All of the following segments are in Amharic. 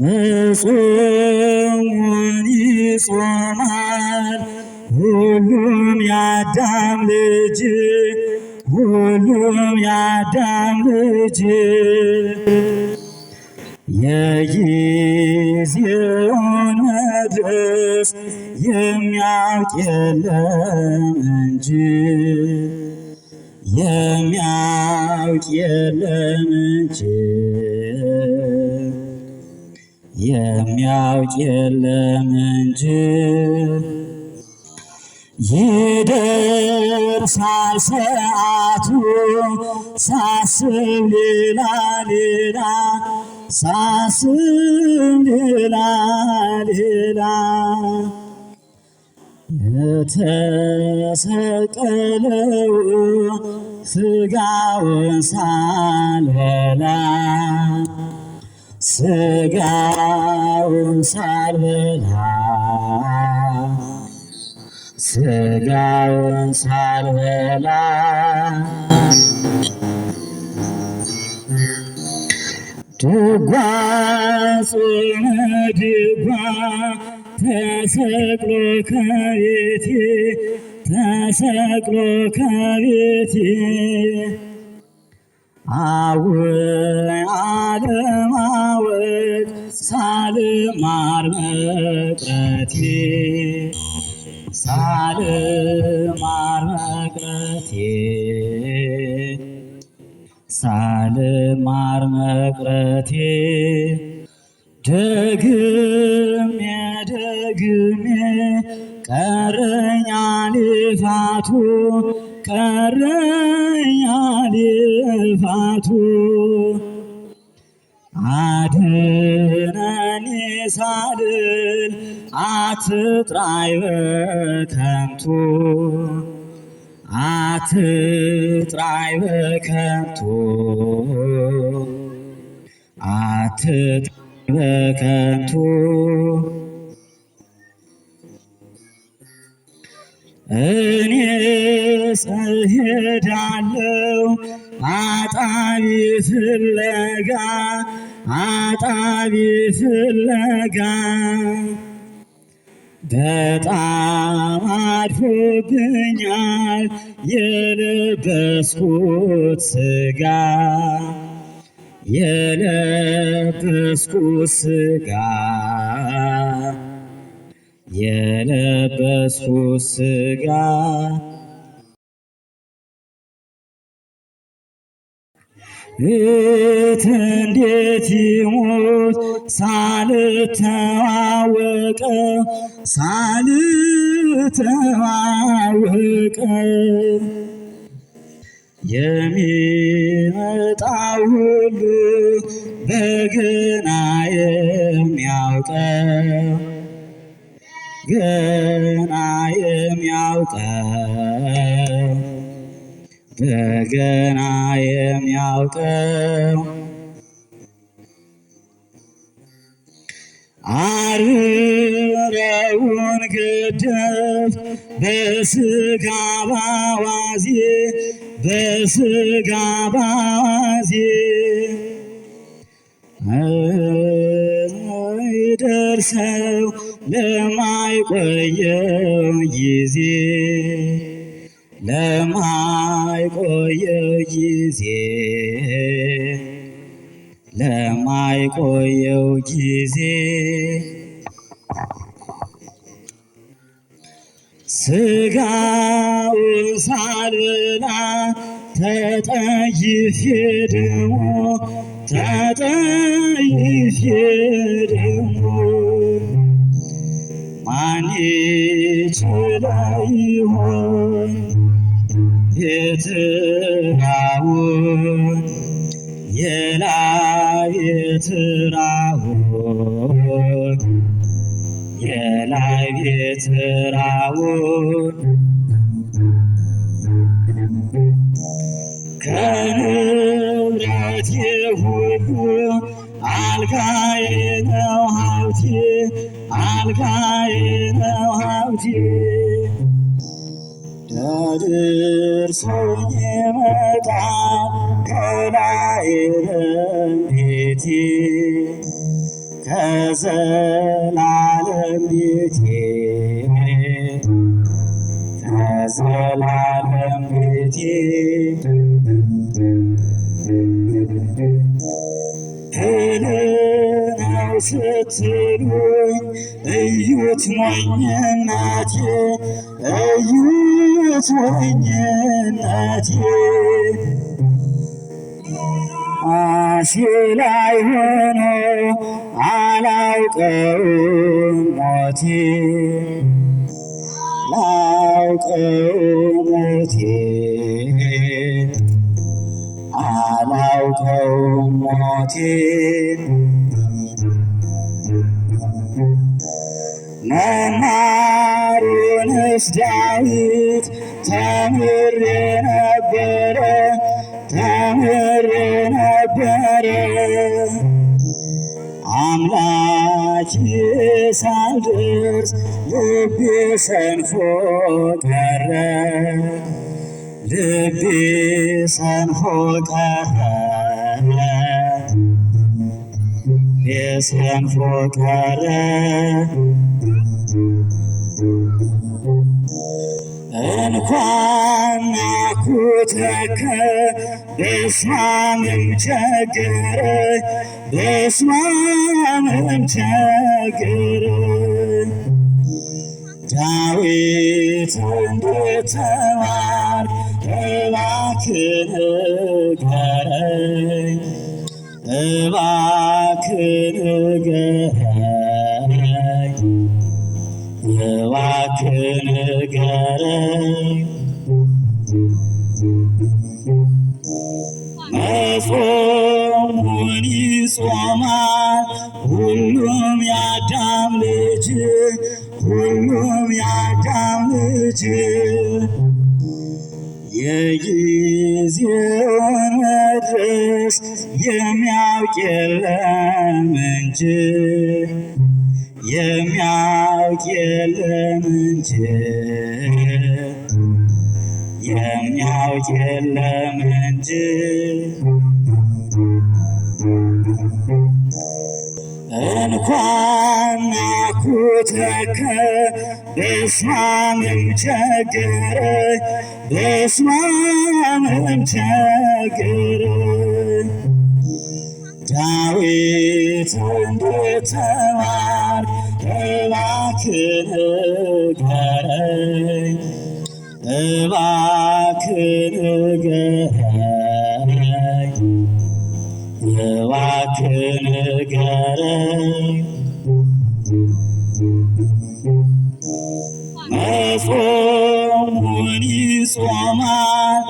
መጾሙን ይጾማል ሁሉም ያዳም ልጅ ሁሉም ያዳም ልጅ የጊዜውን መድረስ የሚያውቅ የለም እንጂ 一苗接了苗，一苗接了苗。一得三声阿噜，三声哩啦哩啦，三声哩啦哩啦。የተሰቀለው ስጋውን ሳልበላ ስጋውን ሳልበላ ስጋውን ሳልበላ ድጓ ጽነ ድጓ ተሰቅሎ ከቤቴ ተሰቅሎ ከቤቴ አወይ አለማወቅ ሳልማር መቅረቴ ሳልማር መቅረቴ ሳልማር መቅረቴ ደግም ግን ቀረኛ ልፋቱ ቀረኛ ልፋቱ አድነኒ ሳልል አትጥራይ በከንቱ አትጥራይ በከንቱ አትጥራይ በከንቱ እኔስ እሄዳለሁ አጣቢ ፍለጋ አጣቢ ፍለጋ በጣም አድፎብኛል የለበስኩት ስጋ የለበስኩት ስጋ የለበሱ ስጋ እት እንዴት ይሙት ሳልተዋወቀ ሳልተዋወቀው የሚመጣ ሁሉ በገና የሚያውቀው ገና የሚያውቀው በገና የሚያውቀው ገደፍ በስጋ ባዋዜ በስጋ ባዋዜ ለማ ለማይቆየው ጊዜ ለማይቆየው ጊዜ ለማይቆየው ጊዜ ስጋውን ሳልበላ ተጠይፌ ደግሞ ተጠይፌ ላይ ይሁን የትራውን የላይ የትራውን የላይ የትራውን ከንብረት የሁሉ አልጋዬ ነው ሀብቴ አልጋዬ ነው ሀብቴ ምድር ሰው ይመጣ ከላይ ቤቴ ከዘላለም ቤቴ ከዘላለም ቤቴ ሄለ ነው ስትሉ እዩት ነኝ እናቴ እዩት ነኝ እናቴ ሆኖ አላውቀውም ሞቴ ሞቴ አላውቀውም ሞቴ ቅዱስ ዳዊት ታምሬ ነበረ ታምሬ ነበረ አምላክ ሳልደርስ ልቤ ሰንፎ ቀረ ልቤ ሰንፎ ቀረ የሰንፎ ቀረ እንኳን ናኩት ረከ በስማምም ቸገረ በስማምም ቸገረ ዳዊት እንድትማር እባክህ ንገረኝ እባክህ ንገረኝ እባክህ ንገረኝ መጾሙን ይጾማል ሁሉም ያዳም ልጅ ሁሉም ያዳም ልጅ የጊዜውን መድረስ የሚያውቅ የለም እንጂ እንጂ የሚያውቅ የለም እንጂ እንኳን ናኩተከ በስማምም ቸገረ በስማምም ቸገረ ዳዊት እንደ ተማር እባክህ ንገረኝ እባክህ ንገረኝ እባክህ ንገረኝ መጾም ይጾማል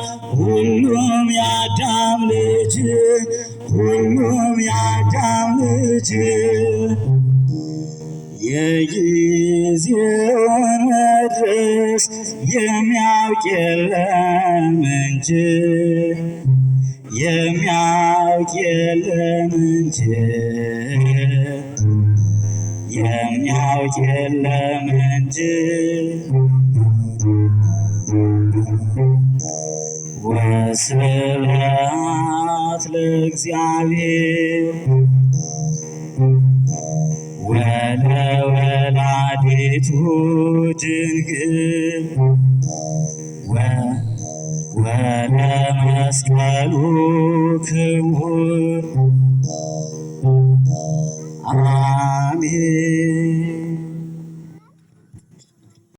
ሁሉም ያዳም ልጅ ሁሉም ያዳም ልጅ የጊዜው መድረስ የሚያውቅ የለም እንጂ የሚያውቅ የለም እንጂ የሚያውቅ የለም እንጂ ወስብሐት ለእግዚአብሔር ማኅሌቱ ድንግል ወለመስቀሉ ክቡር